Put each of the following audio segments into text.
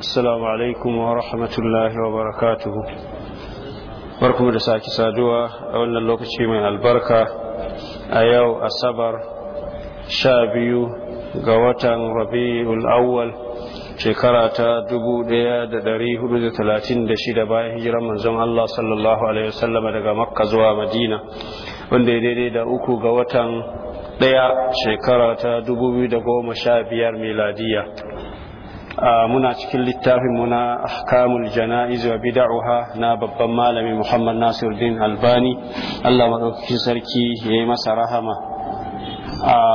Assalamu alaikum wa rahmatullahi wa barakatuhu. Barkum da sake saduwa a wannan lokaci mai albarka a yau Asabar sha biyu ga watan Rabi'ul Awwal shekara ta dubu ɗaya da hudu da talatin da shida bayan hijirar manzon Allah sallallahu Alaihi wasallama daga Makka zuwa Madina wanda ya daidai da uku ga watan ɗaya shekara ta dubu biyu da goma sha biyar miladiya. muna cikin littafin muna ahkamul jana'iz wa bid'aha na babban malami Muhammad Nasiruddin Albani Allah madaukakin sarki yayi masa rahama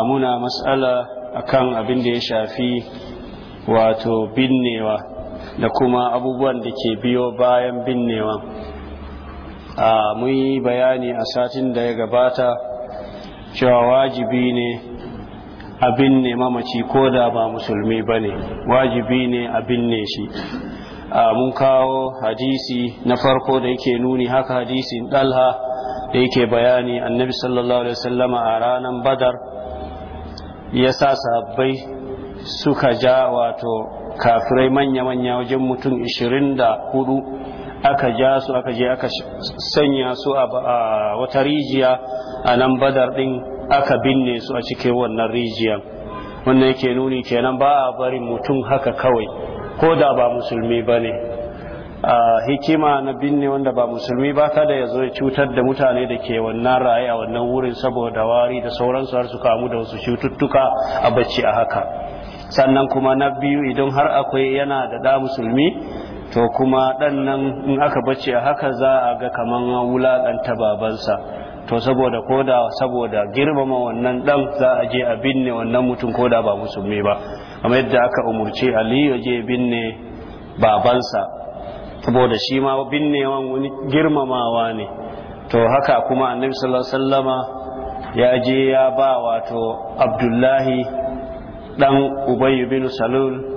muna mas'ala akan abin da ya shafi wato binnewa da kuma abubuwan da ke biyo bayan binnewa mun yi bayani a satin da ya gabata cewa wajibi ne abin ne mamaci ko da ba musulmi ba ne wajibi ne abin ne shi mun kawo hadisi na farko da yake nuni haka hadisin dalha da yake bayani annabi sallallahu alaihi wasallama a ranar badar ya sa sahabbai suka ja wato kafirai manya-manya wajen mutum 24 aka ja su aka je aka sanya su a wata rijiya a nan badar din aka binne su a cikin wannan rijiyar wannan yake nuni kenan ba a bari mutum haka kawai ko da ba musulmi ba ne A hikima na binne wanda ba musulmi ba kada ya zo ya cutar da mutane da ke wannan raye a wannan wurin saboda wari da sauransu har su kamu da wasu cututtuka a bacci a haka sannan kuma na biyu idan har akwai yana da da musulmi to kuma ɗannan in aka bacci a haka za a ga kaman wulaƙanta babansa to saboda koda saboda girmama wannan dan za a je a binne wannan mutum ko da ba musulmi ba amma yadda aka umurce ali ya je binne babansa saboda shi ma binne wani girmamawa ne to haka kuma annabi sallallahu alaihi ya je ya ba wato abdullahi dan ubayy bin salul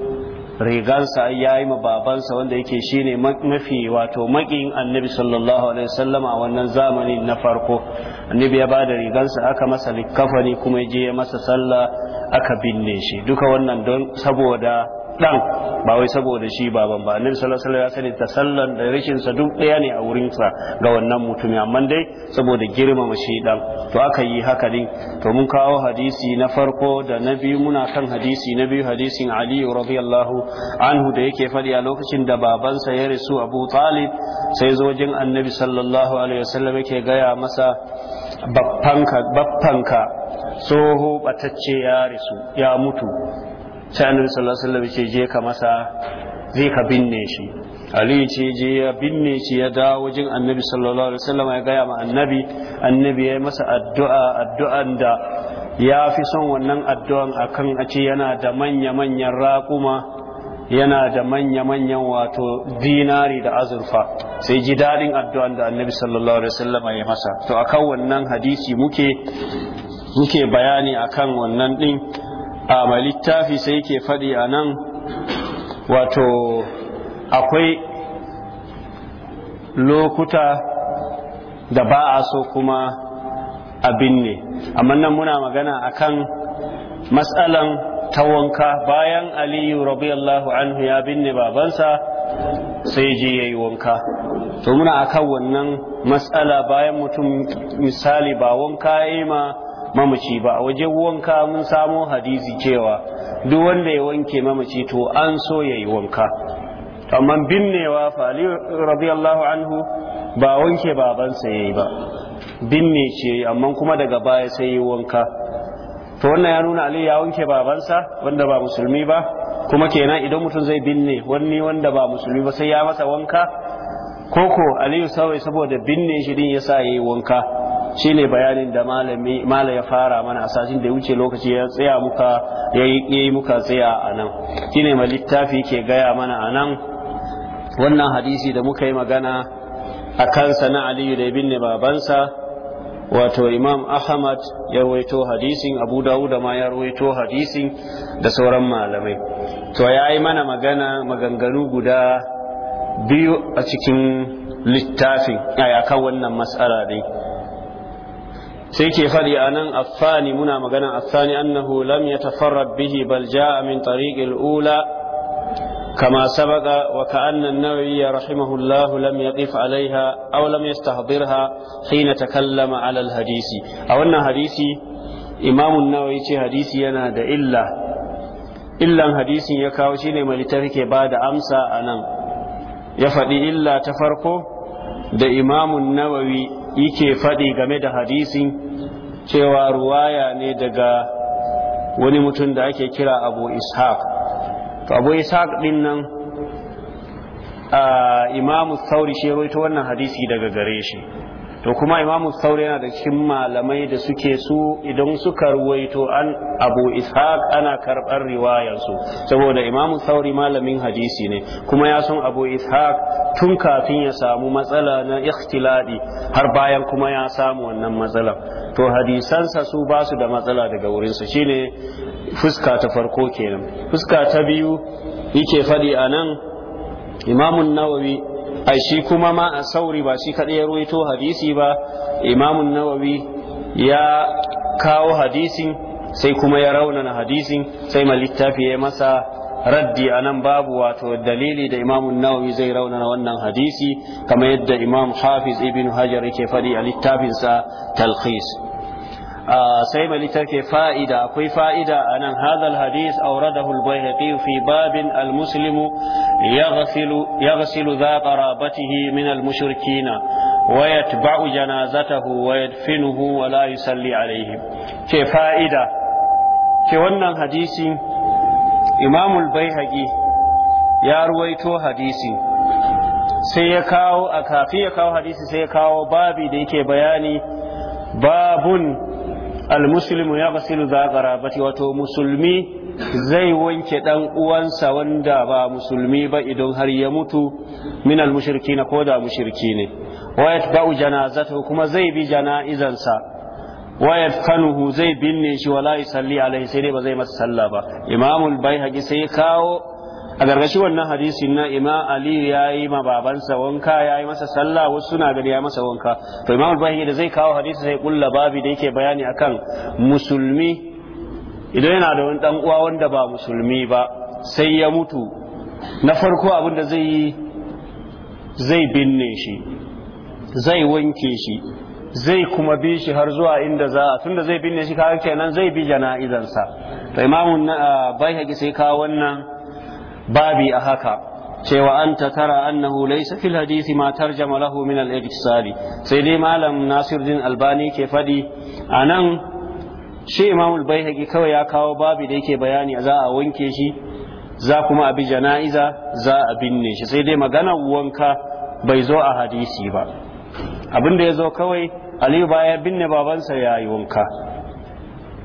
rigansa ya yi ma babansa wanda yake shine mafi wato makin annabi sallallahu alaihi wasallam a wannan zamani na farko annabi ya ba da rigansa aka masa likafani kuma ya je ya masa sallah aka binne shi duka wannan don saboda dan ba wai saboda shi baban ba annabi sallallahu alaihi ya sani tasallan da rashin sa duk daya ne a wurinsa ga wannan mutumi amma dai saboda girmama shi dan to aka yi haka din to mun kawo hadisi na farko da na biyu muna kan hadisi na biyu hadisin Ali radiyallahu anhu da yake fadi a lokacin da babansa ya rasu Abu Talib sai zo wajen annabi sallallahu alaihi wasallam yake gaya masa baffanka tsoho batacce ya rasu ya mutu sai annabi sallallahu alaihi wasallam ce je ka masa zai ka binne shi ali ce je ya binne shi ya dawo wajen annabi sallallahu alaihi wasallam ya gaya ma annabi annabi ya yi masa addu'a addu'an da ya fi son wannan addu'an akan a ce yana da manya manyan raƙuma yana da manya-manyan wato dinari da azurfa sai ji daɗin addu'an da annabi sallallahu alaihi wasallam ya masa to akan wannan hadisi muke muke bayani akan wannan ɗin a littafi sai yake faɗi a nan wato akwai lokuta da ba a so kuma abin ne amma nan muna magana akan matsalan ta wanka bayan aliyu rabiyallahu anhu ya binne babansa sai je yayi wanka to muna akan wannan matsala bayan mutum misali ba wanka ya ma mamaci ba a waje wanka mun samo hadisi cewa duk wanda ya wanke mamaci to an so ya yi wanka amma binnewa fa ali radiyallahu anhu ba wanke babansa ya yi ba binne ce amma kuma daga baya sai yi wanka to wannan ya nuna ali ya wanke babansa wanda ba musulmi ba kuma kenan idan mutum zai binne wani wanda ba musulmi ba sai ya masa wanka koko aliyu sawai saboda binne shi din yasa yayi wanka Shi ne bayanin da malam mala ya fara mana a satin da ya wuce lokaci ya tsaya muka ya yi muka tsaya a nan shine ma littafi ke gaya mana a nan wannan hadisi da muka yi magana a kansa na aliyu da binne babansa wato imam ahmad ya rawaito hadisin abu dawud ma ya rawaito hadisin da sauran malamai to ya yi mana magana maganganu guda biyu a cikin littafin a kan wannan matsala dai sai ke faɗi a nan affani muna maganan affani. annahu lam ya yatafarrad bihi bal jaa min tariqil ula kama sabaqa wa ka'anna an-nawawi rahimahullahu lam ya yaqif alaiha aw lam yastahdirha hina takallama ala al-hadisi a wannan hadisi imamun nawawi ce hadisi yana da illa illan hadisin ya kawo shine mai littafi ke da amsa a nan ya faɗi illa ta farko da imamun nawawi yake faɗi game da hadisi cewa ruwaya ne daga wani mutum da ake kira abu ishaq to abu ishaq din nan imamu sauri shi rawaito wannan hadisi daga gare shi to kuma imamu sauri yana da cikin malamai da suke su idan suka ruwaito an abu ishaq ana karɓar riwayarsu saboda imamu sauri malamin hadisi ne kuma ya san abu ishaq tun kafin ya samu matsala na ikhtiladi har bayan kuma ya samu wannan matsala to hadisansa su ba su da matsala daga wurinsu shine fuska ta farko kenan fuska ta biyu yake faɗi a nan imamun nawawi ai shi kuma ma a sauri ba shi kaɗai ya ruwaito hadisi ba imamun nawawi ya kawo hadisin sai kuma ya raunana hadisin sai littafi ya masa raddi a nan babu wato dalili da imamun nawawi zai raunana wannan hadisi kamar yadda imam hafiz ibn hajar yake faɗi a littafinsa talkhis sai mai littafi fa'ida akwai fa'ida a nan hadal hadis auradahu al-bayhaqi fi babin al-muslimu يغسل يغسل ذا قرابته من المشركين ويتبع جنازته ويدفنه ولا يصلي عليهم ce fa'ida ke wannan hadisi imamul baihaqi ya ruwaito hadisi sai ya kawo a kafi ya kawo hadisi sai ya kawo babi da yake bayani babun almuslimu ya basiru za garabati wato musulmi zai wanke dan uwansa wanda ba musulmi ba idan har ya mutu min almushriki na da mushirki ne wa yatba'u janazatahu kuma zai bi jana'izansa wa Kanuhu zai binne shi wala yusalli alaihi sai dai ba zai masa sallah ba imamul baihaqi sai kawo a gargashi wannan hadisi na ima ali ya yi ma babansa wanka ya yi masa sallah wasu suna gani ya masa wanka to imam al da zai kawo hadisi sai kulla babi da yake bayani akan musulmi idan yana da wani dan uwa wanda ba musulmi ba sai ya mutu na farko abin da zai yi zai binne shi zai wanke shi zai kuma bi shi har zuwa inda za a tunda zai binne shi kawai kenan zai bi jana'izansa. to imamun uh, bai haƙi sai kawo wannan babi a haka cewa an ta tara annahu laysa fil hadisi ma tarjama lahu min al sai dai malam nasiruddin albani ke fadi anan shi imamul baihaqi kawai ya kawo babi da yake bayani za a wanke shi za kuma a bi jana'iza za a binne shi sai dai maganar wanka bai zo a hadisi ba abin da ya zo kawai aliyu baya binne babansa ya yi wanka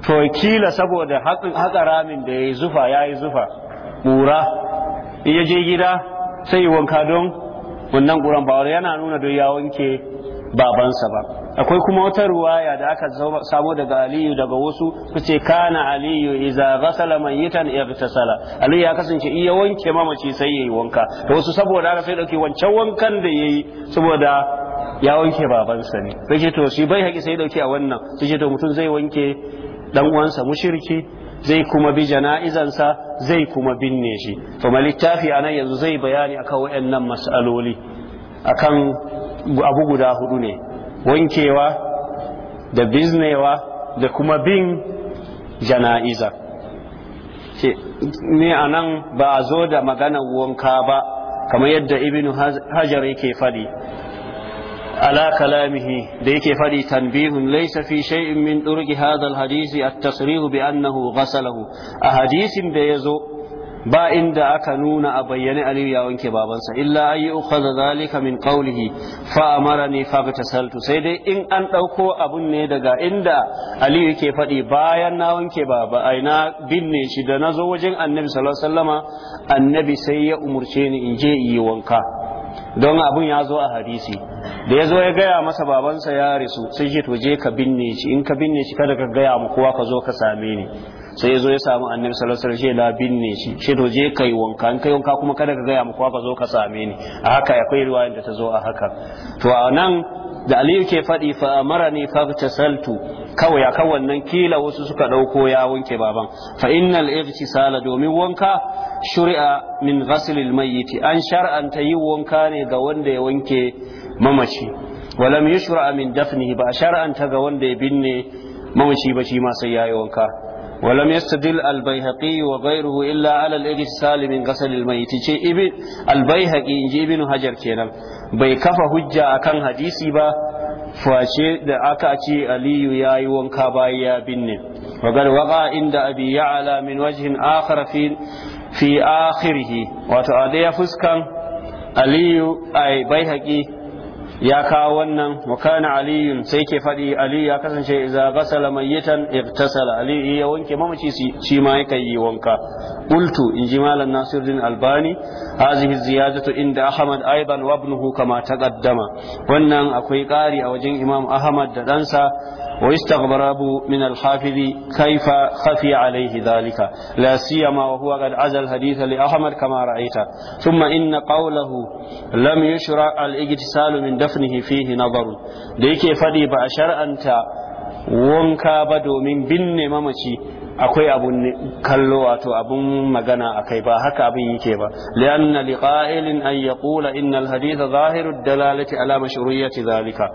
to kila saboda haƙa ramin da ya yi zufa ya yi zufa ƙura in je gida sai yi wanka don wannan ƙuran ba yana nuna don ya wanke babansa ba akwai kuma wata ruwaya da aka samo daga aliyu daga wasu ce kana aliyu iza ghasala mayitan sala. aliyu ya kasance iya wanke mamaci sai yayi wanka da wasu saboda haka sai dauke wancan wankan da yayi saboda ya wanke babansa ne sai to shi bai haƙi sai dauke a wannan sai ce to mutum zai wanke dan uwansa mushriki zai kuma bi jana'izansa zai kuma binne shi to ma littafi a nan yanzu zai bayani akan waɗannan mas'aloli akan abu guda hudu ne wankewa da biznewa da kuma bin jana'iza ne anan ba a zo da maganar wanka ba kamar yadda ibnu hajar yake faɗi ala kalamihi da yake faɗi tanbihun laysa fi shay'in min durqi hadha alhadisi at-tasrihu bi annahu ghasalahu a hadisin da ya zo, ba inda aka nuna a bayyane Aliyu ya wanke babansa illa ayi ukhadha min qawlihi fa amarani faghtasaltu sai dai in an ɗauko abun ne daga inda Aliyu yake faɗi bayan na wanke baba ai binne shi da nazo wajen Annabi sallallahu Annabi sai ya umarce ni in je yi wanka don abun ya zo a hadisi da ya zo ya gaya masa babansa ya risu sai shi to je ka binne shi in ka binne shi kada ka gaya mu kowa ka zo ka same ni sai ya zo ya samu annabi sallallahu alaihi wasallam la binne shi shi to je kai wanka in kai wanka kuma kada ka gaya mu kowa ka zo ka same ni a haka akwai riwaya da ta zo a haka to a nan da aliyu ke faɗi fa amarani tasaltu kawai akan wannan kila wasu suka ɗauko ya wanke baban fa innal ibtisala domin wanka shuri'a min ghasilil mayyit an shar'an yi wanka ne ga wanda ya wanke mamaci walam yushra min dafni ba a shar'anta ga wanda ya binne mamaci ba shi ma sai ya yi wanka walam yastadil al bayhaqi wa ghayruhu illa alal al ibn salim min ghasilil mayyit ce ibn al bayhaqi inji ibn hajar kenan bai kafa hujja akan hadisi ba fa da aka ce aliyu ya yi wanka baya ya binne wagar inda abi ya'ala min wajhin akhar fi fi akhirihi wato a daya fuskan aliyu ai bai ya kawo wannan wakana aliyun sai ke faɗi aliyu ya kasance iza ghasala mayyitan ibtasala aliyu ya wanke mamaci shi ma yake yi wanka qultu in ji malam nasiruddin albani hazihi ziyadatu inda ahmad aidan wa ibnuhu kama taqaddama wannan akwai ƙari a wajen imam ahmad da ɗansa ويستغرب من الحافظ كيف خفي عليه ذلك لا سيما وهو قد عزى الحديث لأحمد كما رأيت ثم إن قوله لم يشرع الاغتسال من دفنه فيه نظر ديكي فدي بأشر أنت wanka ba domin binne mamaci akwai abun kallo wato abun magana akai ba haka abin yake ba li'anna liqa'ilin an yaqula innal haditha zahiru dalalati ala mashru'iyyati zalika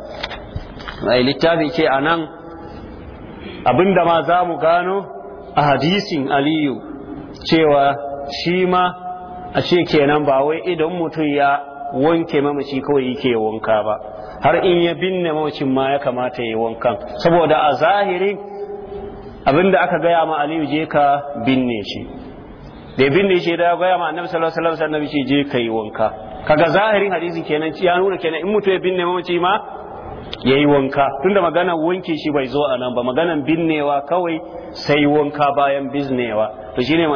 mai littafi ce a nan abinda ma za mu gano a hadisin aliyu cewa shi ma a ce kenan ba wai idan mutum ya wanke mamaci kawai yake wanka ba har in ya binne mamacin ma ya kamata ya wankan saboda a zahirin abinda aka gaya ma aliyu je ka binne shi da binne shi da gaya ma annabi sallallahu alaihi wasallam annabi ce je yi wanka kaga zahirin hadisin kenan ya nuna kenan in mutum ya binne mamaci ma ya yi wanka tunda maganan wanke shi bai zo a nan ba maganan binnewa kawai sai wanka bayan biznewa to shine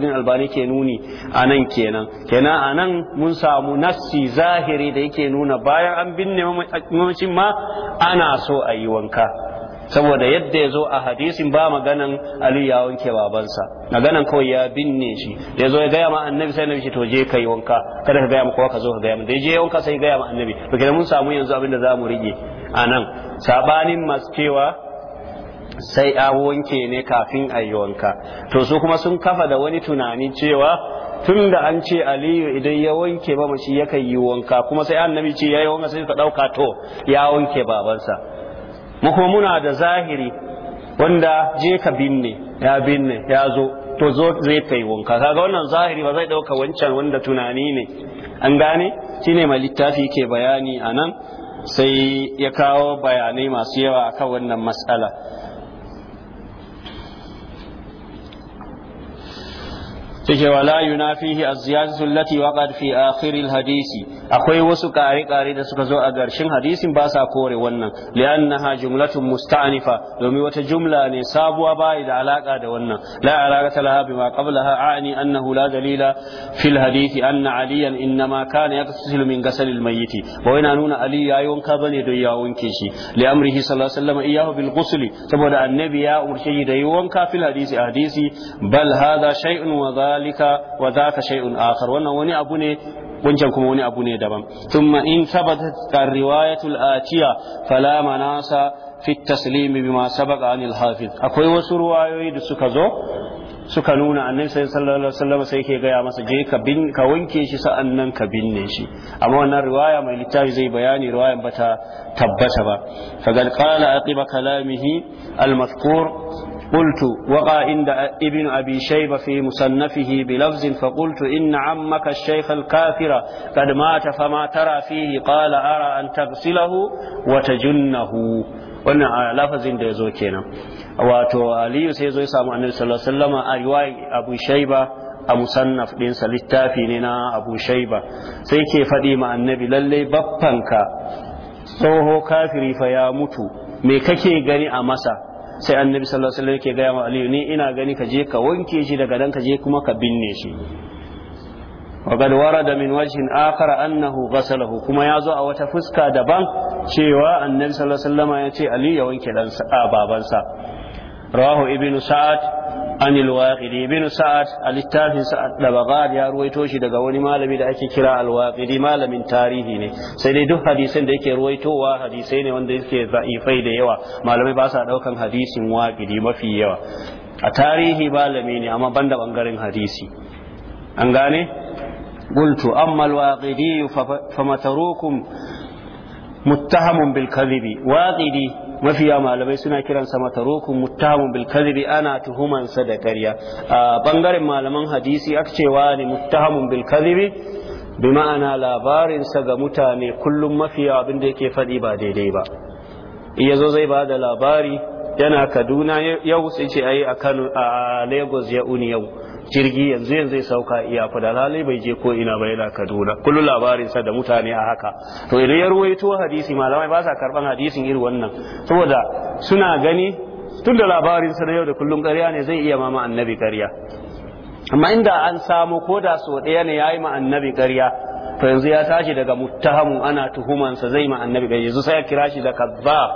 din albani ke nuni a nan kenan kenan a nan mun samu nassi zahiri da yake nuna bayan an binne mamacin ma ana so a yi wanka saboda yadda ya zo a hadisin ba maganan ali ya wanke babansa maganan kawai ya binne shi da ya zo ya gaya ma annabi sai annabi shi to je yi wanka kada ka gaya ma kowa ka zo ka gaya ma da je wanka sai gaya ma annabi to kenan mun samu yanzu abinda za mu rige a nan sabanin masu cewa sai a wanke ne kafin a yi wanka to su kuma sun kafa da wani tunani cewa tun da an ce aliyu idan ya wanke ba mashi yakan yi wanka kuma sai annabi ce ya yi wanka sai ka ɗauka to ya wanke babansa mu muna da zahiri wanda je ka binne ya binne ya zo to zo zai kai wanka kaga wannan zahiri ba zai dauka wancan wanda tunani ne an gane shine mai littafi ke bayani anan sai ya kawo bayanai masu yawa akan wannan matsala take wala yunafihi az-ziyadatu allati waqad fi akhir al-hadisi akwai wasu kare kare da suka zo a garshen hadisin ba sa kore wannan li'annaha jumlatun musta'anifa domin wata jumla ne sabuwa bai da alaka da wannan la alaqata laha bima qablaha ani annahu la dalila fil hadithi anna aliyan innama kana yaktasilu min ghasalil mayyit ba wai na nuna ali yayi wanka bane don ya wanke shi li amrihi sallallahu alaihi wasallam iyahu bil ghusli saboda annabi ya umarce shi da yi wanka fil hadisi a hadisi bal hadha shay'un wa dhalika wa dhaka shay'un akhar wannan wani abu ne wancan kuma wani abu ne daban thumma in thabatat ar-riwayatul atiya fala manasa fi at-taslim bima sabaqa anil hafiz akwai wasu ruwayoyi da suka zo suka nuna annabi sallallahu alaihi wasallam sai yake gaya masa je ka bin ka wanke shi sa'an nan ka binne shi amma wannan riwaya mai littafi zai bayani riwayan bata tabbata ba faqad qala aqiba kalamihi al-mazkur قلت وقع عند ابن أبي شيبة في مصنفه بلفظ فقلت إن عمك الشيخ الكافر قد مات فما ترى فيه قال أرى أن تغسله وتجنه wannan a lafazin da ya zo kenan wato aliyu sai ya zo ya samu annabi sallallahu alaihi wasallam a riwayi abu shaiba a musannaf ɗinsa littafi ne na abu shaiba sai ke faɗi ma annabi lalle baffanka tsoho kafiri fa ya mutu me kake gani a masa sai annabi sallallahu alaihi wasallam yake ga ma aliyu ni ina gani ka je ka wanke shi daga dan ka je kuma ka binne shi wa qad warada min wajhin akhar annahu ghasalahu kuma yazo a wata fuska daban cewa annabi sallallahu alaihi ya ce aliyu ya wanke dan babansa rawahu ibnu sa'ad an al-waqidi ibn sa'ad al-littafin sa'ad da bagad ya ruwaito shi daga wani malami da ake kira al malamin tarihi ne sai dai duk hadisin da yake ruwaitowa hadisai ne wanda yake za'ifai da yawa malamai ba sa daukan hadisin waqidi mafi yawa a tarihi malami ne amma banda bangaren hadisi an gane قلت أما الواقدي فمتروكم متهم بالكذب واقدي mafiya malamai suna kiransa rukun muttahamun bil kadhibi ana tuhuman sa da ƙarya a bangaren malaman hadisi aka cewa ne muttahamun bil kadhibi bi ma'ana labarinsa ga mutane kullum mafiya abin da yake faɗi ba daidai ba iya zo zai ba da labari yana kaduna yau sai ce a kano a lagos ya uni yau jirgi yanzu yanzu zai sauka iya fada da lalai bai je ko ina ba yana Kaduna kullu labarin sa da mutane a haka to idan ya ruwaito hadisi malamai ba sa karban hadisin iri wannan saboda suna gani tun da labarin sa da yau da kullum ƙarya ne zai iya mama annabi ƙarya amma inda an samu ko da so ɗaya ne yayi ma annabi ƙarya to yanzu ya tashi daga muttahamun ana tuhumansa zai ma annabi bai yanzu sai ya kira shi da kazzab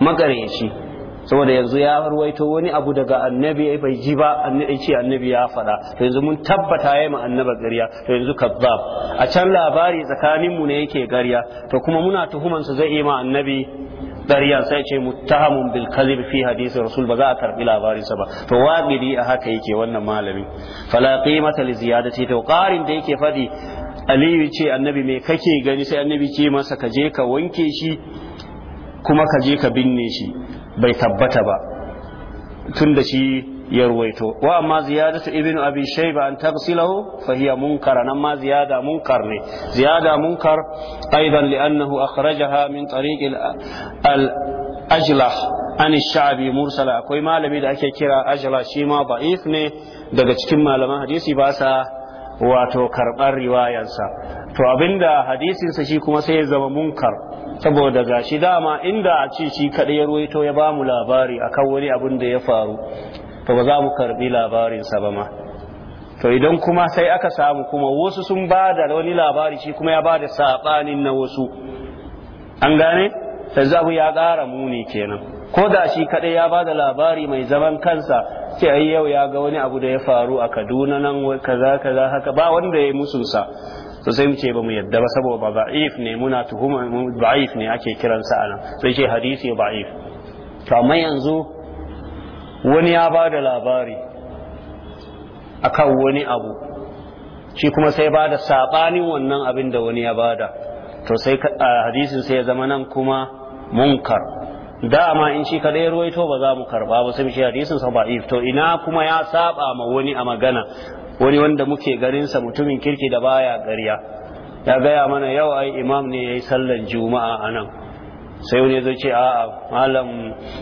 magareci saboda yanzu ya ruwaito wani abu daga annabi eh, bai ji ba annabi ce annabi ya faɗa to yanzu mun tabbata yayi ma annaba gariya to yanzu kazzab a can labari tsakaninmu mu ne yake gariya to kuma muna tuhuman su zai yi ma annabi gariya sai ce muttahamun bil kadhib fi hadisi rasul ba za a karbi labarin sa ba to waqidi a haka yake wannan malami fala qimata li ziyadati to qarin da yake faɗi aliyu ce annabi me kake gani sai annabi ce masa ka je ka wanke shi kuma ka je ka binne shi bai tabbata ba tun da shi ya ruwaito wa amma ziyadatu ibnu abi shayba an tafsilahu fa hiya munkar nan ma ziyada munkar ne ziyada munkar aidan li'annahu akhrajaha min tariq al ajlah an sha'bi mursala akwai malami da ake kira ajlah shi ma da'if ne daga cikin malaman hadisi ba sa wato karɓar riwayansa to abinda hadisinsa shi kuma sai ya zama munkar saboda gashi dama inda a ce shi kaɗai ya ruwaito ya ba mu labari akan wani abin da ya faru to ba za mu karɓi labarinsa ba ma to idan kuma sai aka samu kuma wasu sun ba da wani labari shi kuma ya ba da saɓanin na wasu an gane yanzu abu ya ƙara muni kenan ko da shi kadai ya bada labari mai zaman kansa sai ai yau ya ga wani abu da ya faru a Kaduna nan kaza kaza haka ba wanda ya musu mususa. to sai mu ce ba mu yadda ba saboda ba ne muna tuhuma da'if ne ake kiransa anan sai ce hadisi da'if to amma yanzu wani ya bada labari akan wani abu shi kuma sai bada sabanin wannan abin da wani ya bada to sai hadisin sai ya zama nan kuma munkar dama in shi ya ruwaito ba za mu karba ba sai shi hadisin sa fito to ina kuma ya saba ma wani a magana wani wanda muke garin sa mutumin kirki da baya gariya ya gaya mana yau ai imam ne yayi sallan juma'a anan sai wani zai ce a malam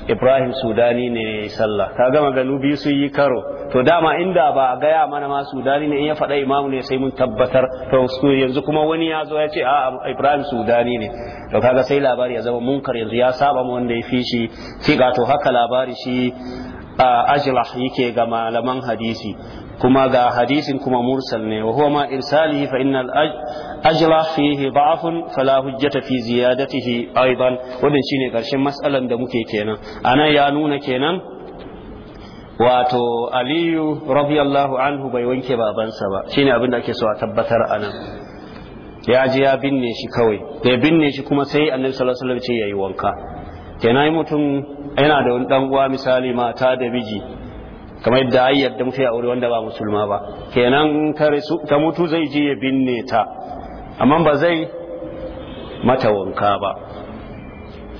ibrahim sudani ne sallah ka gama ganu biyu su yi karo to dama inda ba a gaya mana ma sudani ne in ya faɗa imamu ne sai mun tabbatar to yanzu kuma wani ya zo ya ce a ibrahim sudani ne to kaga sai labari ya zama munkar yanzu ya saba mu wanda ya fi shi fi to haka labari shi ajlah yake ga malaman hadisi kuma ga hadisin kuma mursal ne wa huwa ma irsalihi fa innal ajlah fihi da'afun fala hujjata fi ziyadatihi aidan wannan shine karshen mas'alan da muke kenan anan ya nuna kenan wato aliyu radiyallahu anhu bai wanke babansa ba shine abin da ake so a tabbatar anan ya ji ya binne shi kawai da ya binne shi kuma sai annabi sallallahu alaihi wasallam ce yayi wanka kenan mutum yana da wani dan uwa misali mata da miji kamar yadda ai yadda muke aure wanda ba musulma ba kenan kare su ta mutu zai je ya binne ta amma ba zai mata wanka ba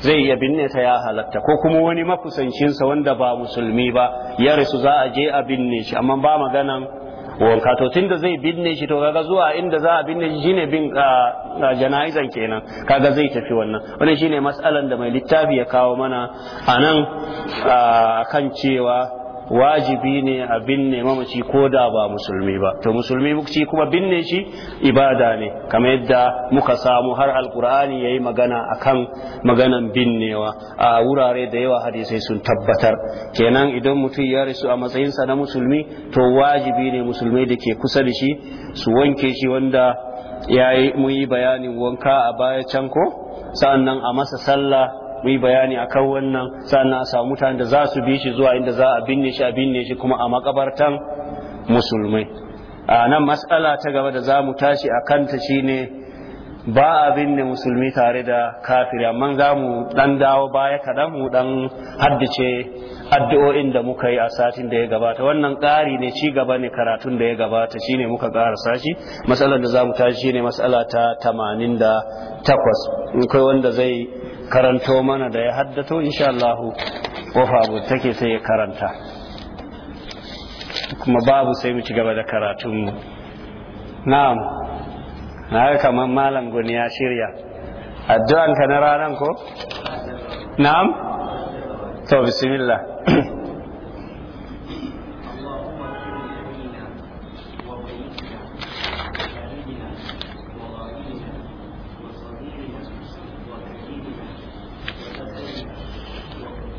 zai iya binne ta ya halatta ko kuma wani makusancinsa wanda ba musulmi ba ya rasu za a je a binne shi amma ba maganan wanka to tunda zai binne shi to kaga zuwa inda za a binne shi shine bin jana'izan kenan kaga zai tafi wannan wannan shine mas'alan da mai littafi ya kawo mana a anan kan cewa wajibi ne a binne mamaci ko da ba musulmi ba to musulmi ci kuma binne shi ibada ne kamar yadda muka samu har alkur'ani yayi magana akan maganan binnewa a wurare da yawa hadisai sun tabbatar kenan idan mutum ya rasu a matsayinsa na musulmi to wajibi ne musulmi da ke kusa da shi su wanke shi wanda yayi muyi bayanin wanka a baya can ko sa'annan a masa sallah mu yi bayani kan wannan sannan a samu mutanen da za su bi shi zuwa inda za a binne shi a binne shi kuma a makabartan musulmai a nan matsala ta gaba da za mu tashi a kanta shine ba a binne musulmi tare da kafiri amma za mu dan dawo baya kaɗan mu dan haddace addu'o'in da muka yi a satin da ya gabata wannan ƙari ne ci gaba ne karatun da ya gabata shi ne muka ƙara sashi matsalar da za mu tashi ne matsala ta tamanin da takwas in kai wanda zai karanto mana da ya haddato insha Allah kofa take sai ya karanta kuma babu sai mu ci gaba da karatunmu na'am na kamar malam goni ya shirya addu'an ka na ranan ko na'am to bismillah